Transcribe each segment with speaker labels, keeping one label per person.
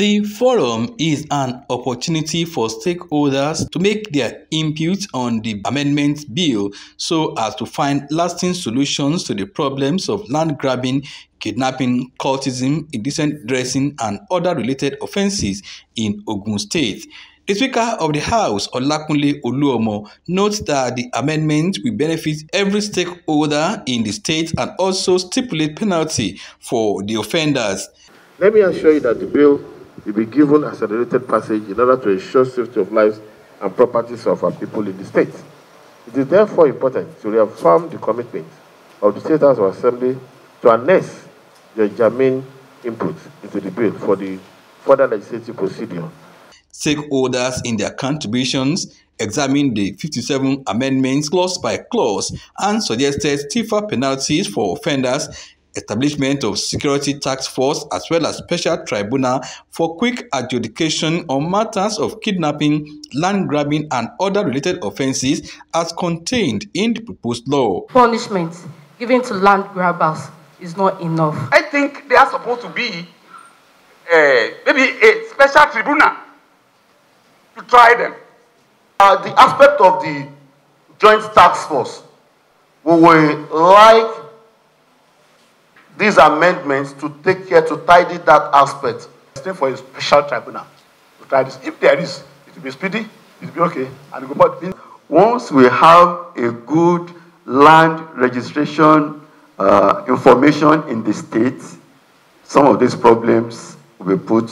Speaker 1: The forum is an opportunity for stakeholders to make their input on the amendment bill so as to find lasting solutions to the problems of land grabbing, kidnapping, cultism, indecent dressing, and other related offenses in Ogun State. The Speaker of the House, Olakunle Oluomo, notes that the amendment will benefit every stakeholder in the state and also stipulate penalty for the offenders. Let me
Speaker 2: assure you that the bill will be given accelerated passage in order to ensure safety of lives and properties of our people in the state. It is therefore important to reaffirm the commitment of the State House of Assembly to annex the germane input into the bill for the further legislative procedure.
Speaker 1: Stakeholders in their contributions examined the 57 amendments clause by clause and suggested stiffer penalties for offenders establishment of security task force as well as special tribunal for quick adjudication on matters of kidnapping, land grabbing and other related offences as contained in the proposed law.
Speaker 2: Punishment given to land grabbers is not enough. I think
Speaker 1: they are supposed to be uh,
Speaker 2: maybe a special tribunal to try them. Uh, the aspect of the joint task force, we would like these amendments to take care to tidy that aspect. It's for a special tribunal to try this. If there is, it will be speedy, it will be okay, and go back. Once we have a good land registration uh, information in the state, some of these problems will be put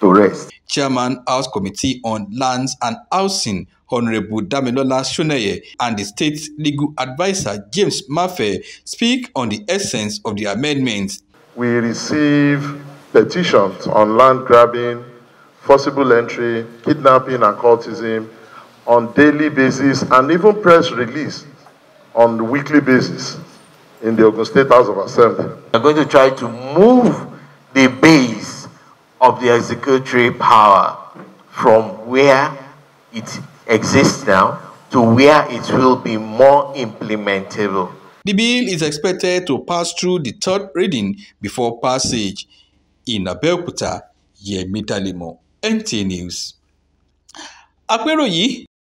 Speaker 1: to rest. Chairman House Committee on Lands and Housing Honorable Damilola Shuneye and the state legal advisor James Maffey, speak on the essence of the amendments. We receive petitions on
Speaker 2: land grabbing, forcible entry, kidnapping and cultism on daily basis and even press release on weekly basis in the Ogun State House of Assembly. We're going to try to move the base of the executive power from where it exists
Speaker 1: now to where it will be more implementable. The bill is expected to pass through the third reading before passage. In Abeokuta, Yemi Dalimo, MT News. Àpérò yìí